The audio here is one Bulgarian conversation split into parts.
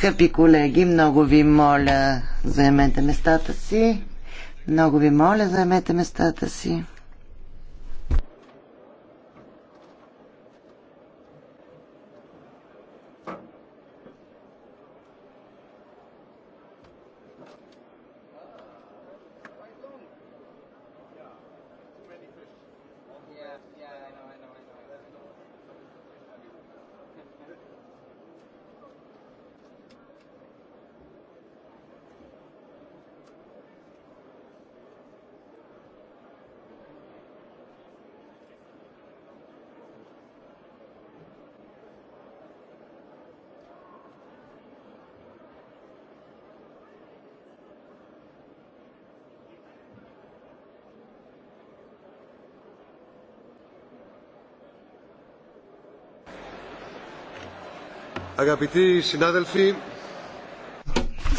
Скъпи колеги, много ви моля, заемете местата си. Много ви моля, заемете местата си.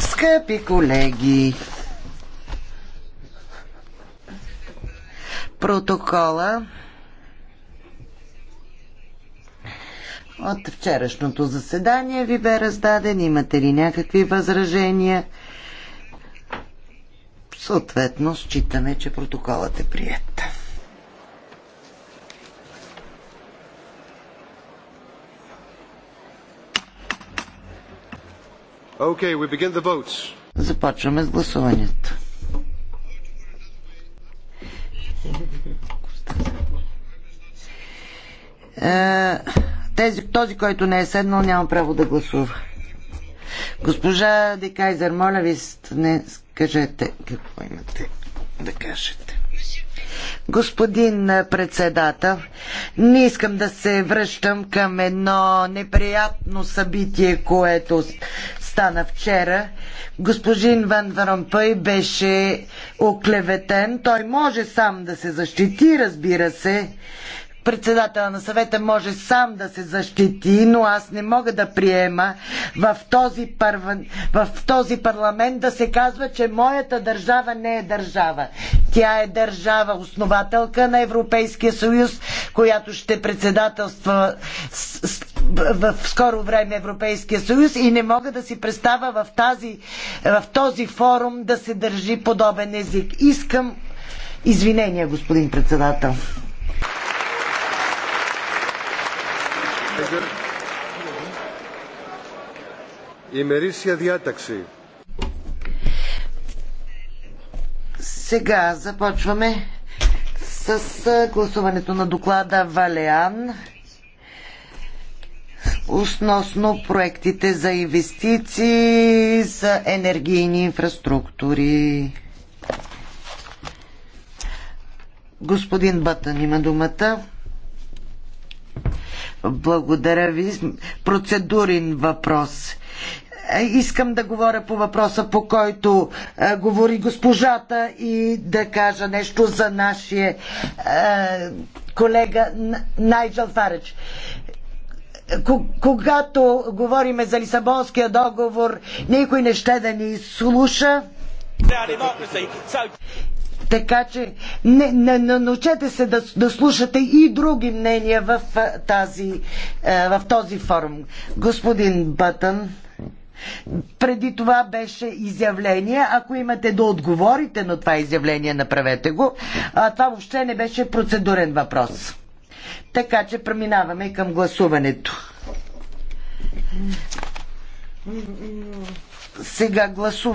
Скъпи колеги, протокола от вчерашното заседание ви бе раздаден. Имате ли някакви възражения? Съответно, считаме, че протоколът е прият. Okay, we begin the votes. Започваме с гласуването. Е, тези, този, който не е седнал, няма право да гласува. Госпожа Дикайзер, моля ви, не кажете какво имате да кажете. Господин председател, не искам да се връщам към едно неприятно събитие, което стана вчера. Господин Ван Варомпъй беше оклеветен. Той може сам да се защити, разбира се, председателя на съвета може сам да се защити, но аз не мога да приема в този, парва... в този парламент да се казва, че моята държава не е държава. Тя е държава, основателка на Европейския съюз, която ще председателства в скоро време Европейския съюз и не мога да си представя в, тази, в този форум да се държи подобен език. Искам извинения, господин председател. Πρόεδρε. Ημερήσια διάταξη. Сега започваме с гласуването на доклада Валеан относно проектите за инвестиции за енергийни инфраструктури. Господин Батън има думата. Благодаря ви. Процедурен въпрос. Е, искам да говоря по въпроса, по който а, е, говори госпожата и да кажа нещо за нашия а, е, колега Найджел Фареч когато говорим за Лисабонския договор, никой не ще да ни слуша. Така че не, не, не научете се да, да слушате и други мнения в, тази, в този форум. Господин Бътън, Преди това беше изявление. Ако имате да отговорите на това изявление, направете го. А, това въобще не беше процедурен въпрос. Така че преминаваме към гласуването. Сега гласуваме.